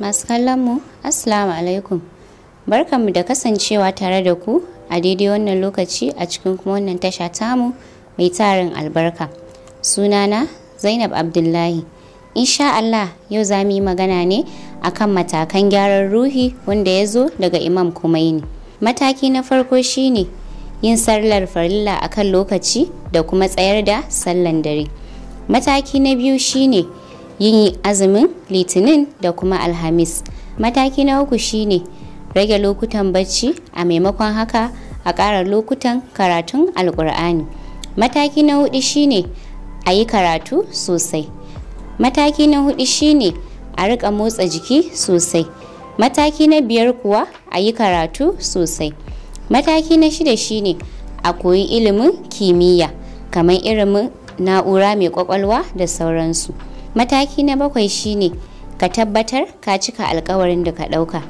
masu kallon mu assalamu alaikum barkanmu da kasancewa tare da ku a daidai wannan lokaci a cikin kuma wannan tasha tamu mai tarin albarka sunana zainab abdullahi insha allah yau za mu yi magana ne akan matakan gyaran ruhi wanda ya zo daga imam kumaini mataki na farko shine yin sallar farilla akan lokaci da kuma tsayar da sallan dare mataki na biyu shine ne yin azumin litinin da kuma alhamis mataki na uku shine rage lokutan bacci a maimakon haka a ƙara lokutan karatun alkur'ani mataki na hudu shine a yi karatu sosai mataki na hudu shine a riƙa motsa jiki sosai mataki na biyar kuwa a yi karatu sosai mataki na shida shine a koyi ilimin kimiyya kamar ilimin na'ura mai kwakwalwa da sauransu mataki na bakwai shine ka tabbatar ka cika alkawarin da ka ɗauka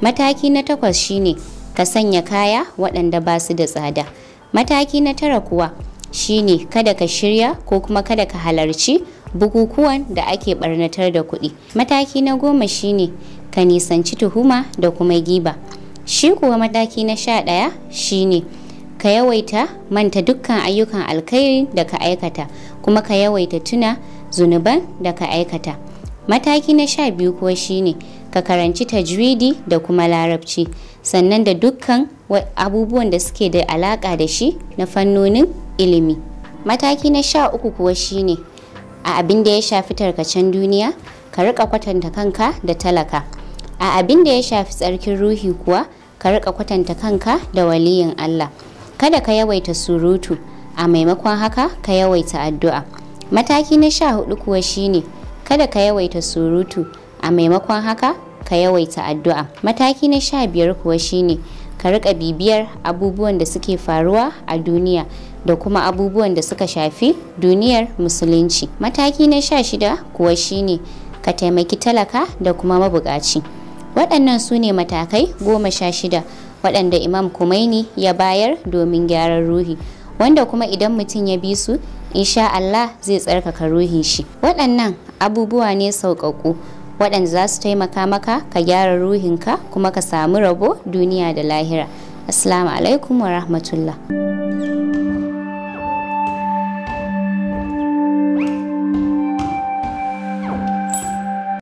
mataki na takwas shine ka sanya kaya waɗanda ba su da tsada mataki na tara kuwa shine kada ka shirya ko kuma kada ka halarci bukukuwan da ake barnatar da kuɗi mataki na goma shine ka nisanci tuhuma da kuma giba shi kuwa mataki na sha ɗaya shine ka yawaita manta dukkan ayyukan alkhairi da ka aikata kuma ka yawaita tuna zunuban da ka aikata mataki na sha biyu kuwa shine ka karanci tajwidi da kuma larabci sannan da dukkan abubuwan da suke da alaka da shi na fannonin ilimi mataki na sha uku kuwa shine a abin da ya shafi tarkacen duniya ka rika kwatanta kanka da talaka a abin da ya shafi tsarkin ruhi kuwa ka rika kwatanta kanka da waliyin allah kada ka yawaita surutu a maimakon haka ka yawaita addu'a mataki na sha hudu kuwa shine kada ka yawaita surutu a maimakon haka ka yawaita addu'a mataki na sha biyar kuwa shine ka rika bibiyar abubuwan da suke faruwa a duniya da kuma abubuwan da suka shafi duniyar musulunci mataki na sha shida kuwa shine ka taimaki talaka da kuma mabukaci waɗannan su ne matakai goma sha shida waɗanda imam kumaini ya bayar domin gyaran ruhi wanda kuma idan mutum ya bi su insha Allah zai tsarkaka ruhin shi waɗannan abubuwa ne sauƙaƙu waɗanda za su taimaka maka ka gyara ruhinka kuma ka samu rabo duniya da lahira assalamu alaikum wa rahmatullah